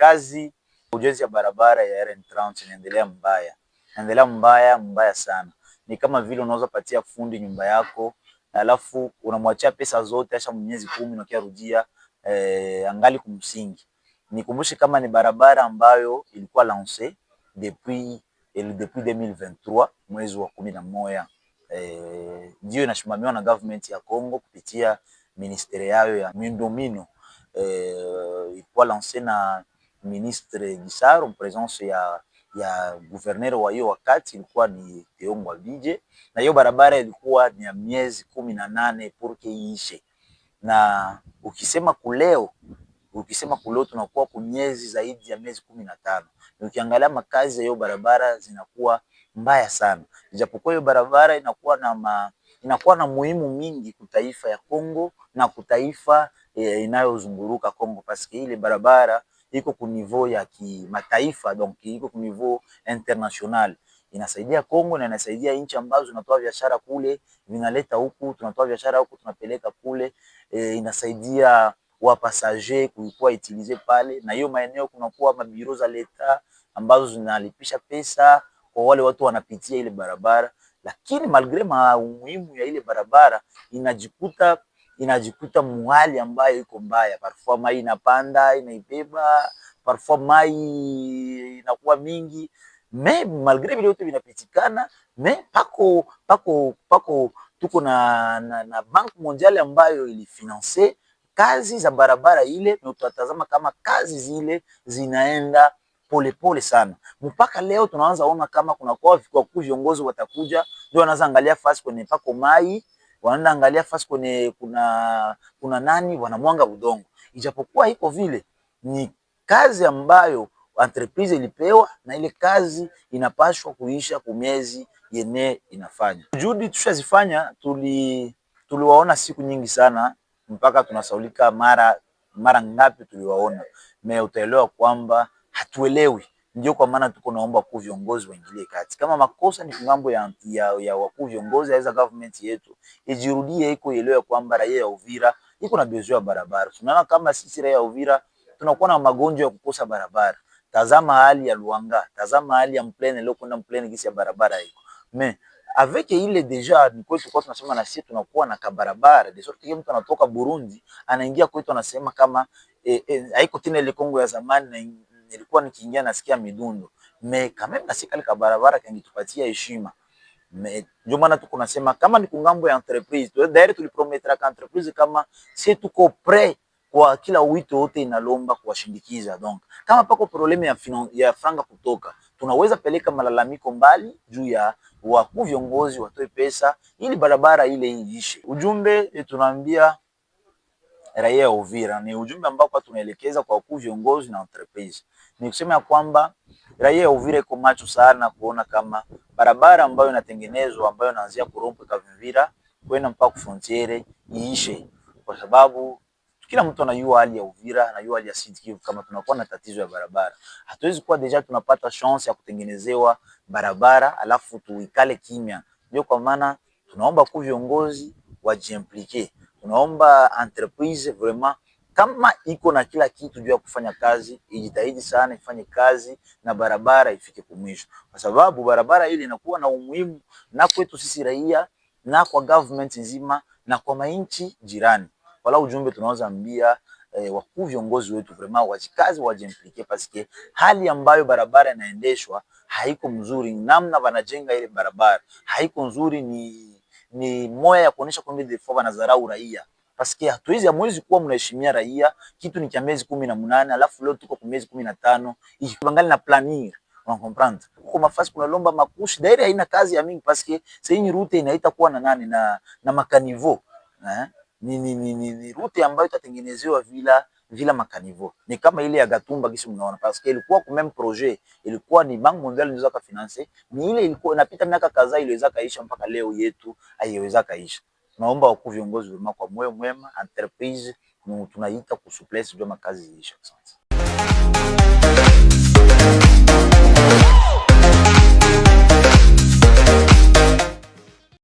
kazi ujenzi ya barabara ya RN30 inaendelea mbaya, inaendelea mbaya mbaya sana. Ni kama vile unaweza patia fundi nyumba yako alafu unamwachia pesa zote acha mwenyezi kumi na kiarudia eh, angali kumsingi. Nikumbushe kama ni barabara ambayo ilikuwa lance depuis el eh, depuis 2023 mwezi wa kumi na moja ndio eh, inashimamiwa na government ya Congo kupitia ministeri yayo ya miundombinu eh, ilikuwa lance na ministre Gisaru, presence ya, ya guverneri wa hiyo wakati ilikuwa ni Theo Ngwabidje, na hiyo barabara ilikuwa ni ya miezi kumi na nane purke iishe. Na ukisema kuleo, ukisema kuleo tunakuwa miezi zaidi ya miezi kumi na tano. Ukiangalia makazi ya hiyo barabara zinakuwa mbaya sana, ijapokuwa hiyo barabara inakuwa na ma, inakuwa na muhimu mingi kutaifa ya Kongo na kutaifa eh, inayozunguruka Kongo, paske ile barabara iko niveau ya kimataifa donc iko niveau international inasaidia Kongo na inasaidia nchi ambazo zinatoa biashara kule, vinaleta huku, tunatoa biashara huku tunapeleka kule e, inasaidia passager kuikuwa itilize pale, na hiyo maeneo kunakuwa mabiro za leta ambazo zinalipisha pesa kwa wale watu wanapitia ile barabara, lakini malgre umuhimu ya ile barabara inajikuta inajikuta muhali ambayo iko mbaya, parfois mai inapanda inaibeba, parfois mai inakuwa mingi me malgre vile yote vinapitikana me pako pako pako tuko na, na, na Bank Mondiale ambayo ilifinanse kazi za barabara ile, na tutatazama kama kazi zile zinaenda polepole pole sana. Mpaka leo tunaanza ona kama kuna kwa viongozi watakuja ndio wanaanza angalia fasi kwenye pako mai wanaangalia fasi kwenye kuna, kuna nani wanamwanga udongo, ijapokuwa iko vile ni kazi ambayo entreprise ilipewa na ile kazi inapashwa kuisha kumezi yenye inafanya. Juhudi tushazifanya, tuli tuliwaona siku nyingi sana mpaka tunasaulika mara mara ngapi tuliwaona, me utaelewa kwamba hatuelewi. Ndio kwa maana tuko naomba kwa viongozi waingilie kati. Kama makosa ni ngambo ya, ya, ya wakuu viongozi aweza government yetu ijirudie, iko elewa kwamba raia ya Uvira iko na besoin ya barabara. Tunaona kama sisi raia ya Uvira tunakuwa na magonjwa ya kukosa barabara. Tazama hali ya Luanga, tazama hali ya Mplene leo kuna Mplene gisi ya barabara iko. Me avec ile deja ni kwetu kwa tunasema na sisi tunakuwa na kabarabara. De sorte mtu anatoka Burundi anaingia kwetu anasema kama eh, eh, haiko tena ile Kongo ya zamani na nilikuwa nikiingia nasikia midundo kama katika barabara tupatia heshima. Ndio maana tuko nasema kama ni kungambo ya entreprise dairi, tuliprometra ka entreprise kama si tuko pre kwa kila wito wote inalomba kuwashindikiza. Donc kama pako probleme ya, ya franga kutoka, tunaweza peleka malalamiko mbali juu ya wakuu viongozi watoe pesa ili barabara ile iishe. Ujumbe tunaambia raia ya Uvira. Ni ujumbe ambao kwa tunaelekeza kwa wakuu viongozi na entreprise. Ni kusema kwamba raia ya Uvira iko macho sana kuona kama barabara ambayo inatengenezwa ambayo inaanzia kurompe Kavivira kwenda mpaka frontiere iishe, kwa sababu kila mtu anajua hali ya Uvira, anajua hali ya Sud Kivu. Kama tunakuwa na tatizo ya barabara, hatuwezi kuwa deja tunapata chance ya kutengenezewa barabara alafu tuikale kimya. Ndio kwa maana tunaomba kwa viongozi wajiimplike unaomba entreprise vraiment kama iko na kila kitu juu ya kufanya kazi ijitahidi sana ifanye kazi na barabara ifike kumwisho, kwa sababu barabara ile inakuwa na umuhimu na kwetu sisi raia na kwa government nzima na kwa mainchi jirani. Wala ujumbe tunaweza ambia eh, wakuu viongozi wetu vraiment wajikazi wajimplike, paske hali ambayo barabara inaendeshwa haiko mzuri, namna wanajenga ile barabara haiko nzuri ni ni moya ya kuonyesha fova na wanadharau raia. paske hatuwezi hamwezi kuwa mnaheshimia raia, kitu ni cha miezi kumi na munane alafu leo tuko kwa miezi kumi na tano ikiangali na planir unakomprendre huko mafasi kuna lomba makushi daire haina kazi ya mingi paske saini rute inaita kuwa na nani na na makanivo eh, ni, ni, ni, ni, ni rute ambayo itatengenezewa vila vila makanivo ni kama ile ya gatumba kisi mnaona, paske ilikuwa kumem projet ilikuwa ni Bank Mondial inaweza kafinanse, ni ile ilikuwa inapita miaka kadhaa iliweza kaisha, mpaka leo yetu haiweza kaisha. Naomba wakuu viongozi wema, kwa moyo mwema, entreprise tunaita kusuplesi jua makazi iisha. Asante.